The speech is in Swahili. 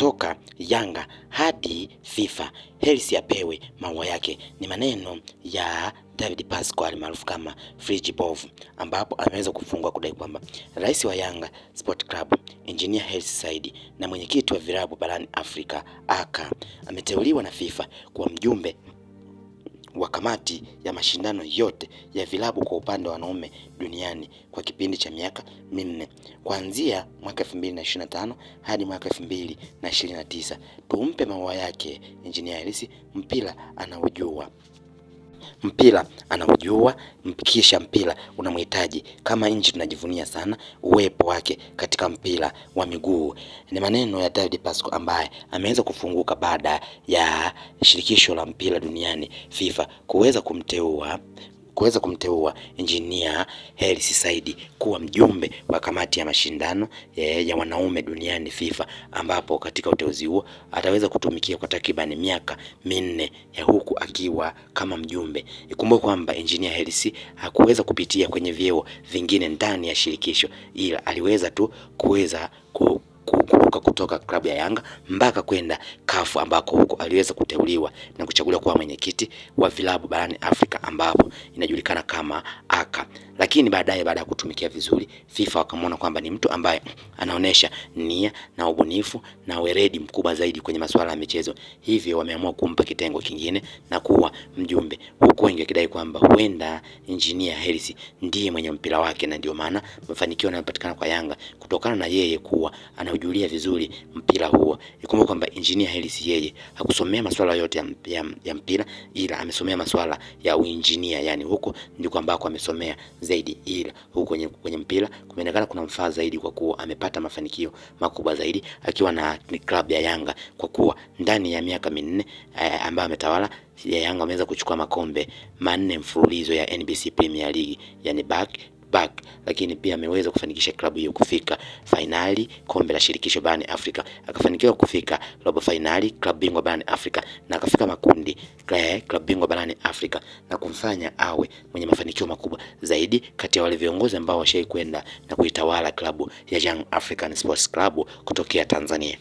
kutoka Yanga hadi FIFA, Hersi apewe maua yake. Ni maneno ya David Pascal maarufu kama Friji bov ambapo ameweza kufungua kudai kwamba rais wa Yanga Sport Club Engineer Hersi Said na mwenyekiti wa vilabu barani Afrika aka ameteuliwa na FIFA kuwa mjumbe wa kamati ya mashindano yote ya vilabu kwa upande wa wanaume duniani kwa kipindi cha miaka minne kuanzia mwaka 2025 hadi mwaka 2029. Tumpe maua yake Injinia Hersi, mpira anaujua mpira anaujua, kisha mpira unamhitaji. Kama nchi tunajivunia sana uwepo wake katika mpira wa miguu. Ni maneno ya David Pasco ambaye ameweza kufunguka baada ya shirikisho la mpira duniani FIFA kuweza kumteua kuweza kumteua Engineer Hersi Said kuwa mjumbe wa kamati ya mashindano eh, ya wanaume duniani FIFA, ambapo katika uteuzi huo ataweza kutumikia kwa takribani miaka minne ya eh, huku akiwa kama mjumbe. Ikumbuke kwamba Engineer Hersi hakuweza kupitia kwenye vyeo vingine ndani ya shirikisho, ila aliweza tu kuweza kuruka kutoka klabu ya Yanga mpaka kwenda kafu ambako huko aliweza kuteuliwa na kuchaguliwa kuwa mwenyekiti wa vilabu barani Afrika ambapo inajulikana kama aka Lakini baadaye baada ya kutumikia vizuri FIFA wakamwona kwamba ni mtu ambaye anaonesha nia na ubunifu na weredi mkubwa zaidi kwenye masuala ya michezo, hivyo wameamua kumpa kitengo kingine na kuwa mjumbe, huku wengi wakidai kwamba huenda Engineer Hersi ndiye mwenye mpira wake, na ndio maana mafanikio yanayopatikana kwa Yanga kutokana na yeye kuwa anaujulia vizuri mpira huo. Ikumbuke kwamba Engineer Ellis yeye hakusomea masuala yote ya, ya, ya mpira ila amesomea masuala ya uinjinia, yani huko ndiko ambako amesomea zaidi, ila huko kwenye, kwenye mpira kumeonekana kuna mfaa zaidi, kwa kuwa amepata mafanikio makubwa zaidi akiwa na klabu ya Yanga, kwa kuwa ndani ya miaka minne eh, ambayo ametawala ya Yanga ameweza kuchukua makombe manne mfululizo ya NBC Premier League, yani back back, lakini pia ameweza kufanikisha klabu hiyo kufika fainali kombe la shirikisho barani Afrika, akafanikiwa kufika robo fainali klabu bingwa barani Afrika na akafika makundi eh, klabu bingwa barani Afrika na kumfanya awe mwenye mafanikio makubwa zaidi kati ya wale viongozi ambao washai kwenda na kuitawala klabu ya Young African Sports Club kutokea Tanzania.